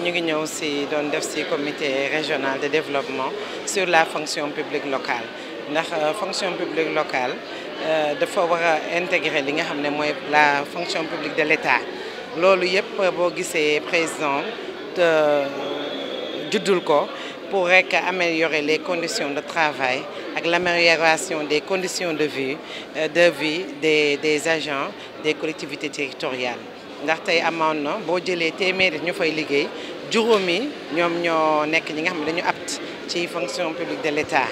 Nous ñu aussi dans le comité régional de développement sur la fonction publique locale La euh, fonction publique locale euh, doit war intégrer la fonction publique de l'État loolu de est présent président euh, pour améliorer les conditions de travail avec l'amélioration des conditions de vie de vie des des agents des collectivités territoriales ndax tey amoon boo jëlee téeméeri ñu fay liggéey juróomi ñoom ñoo nekk ñi nga xam ne dañu apt ci fonction publique de l'État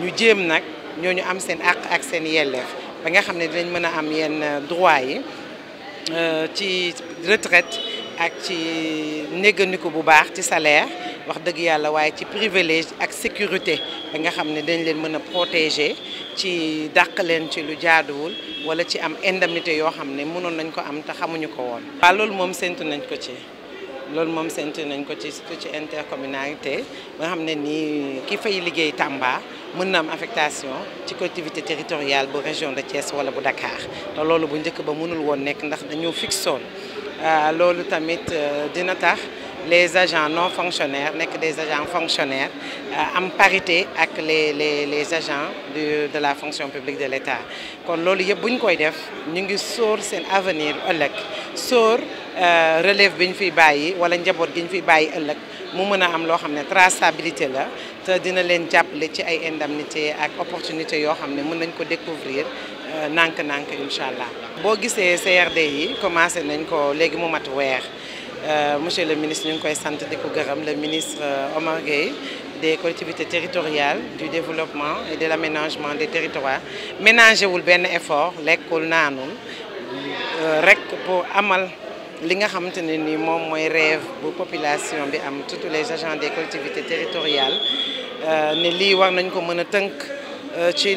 ñu jéem nag ñooñu am seen àq ak seen yelleef ba nga xam ne dinañ mën a am yenn droit yi euh, ci retraite ak ci néggandiku bu baax ci salaire wax deug yalla waaye ci privilège ak sécurité nga xamné dañ leen mëna protéger ci dàq leen ci lu jaaduwul wala ci am indemnité yo xamné mënon nañ ko am te xamuñu ko won ba lool mom sentu nañ ko ci lool mom sentu nañ ko ci surtout ci intercommunalité nga xamné ni ki fay liggéey Tamba mën na am affectation ci collectivité territoriale bu région de Thiès wala bu Dakar te loolu bu njëkk ba mënul woon nekk ndax dañoo fixoon loolu tamit euh, dina tax les agents non fonctionnaires que des agents fonctionnaires euh, am parité avec les les les agents de de la fonction publique de l'État kon loolu yëpp bu ñu koy def ñu ngi avenir ëllëg sur euh, relève bien fait fiy bàyyi wala njaboot bien fait fiy bàyyi Nous mu a am lo xamné traçabilité la te dina leen jàppale ci ay indemnité ak opportunité yo xamné ne mën nañ ko découvrir euh, nank nank Inshallah. bo boo CRD yi commencé nañ ko légui mu mat weer. Euh, monsieur le ministre ñu ngi koy de le ministre euh, Omar Gay des collectivités territoriales du développement et de l'aménagement des territoires Ménagez-vous bien effort les naanul euh, rek pour amal li nga xamante ne ni rêve population bi am les agents des collectivités territoriales ne lii war nañ ko mën a ci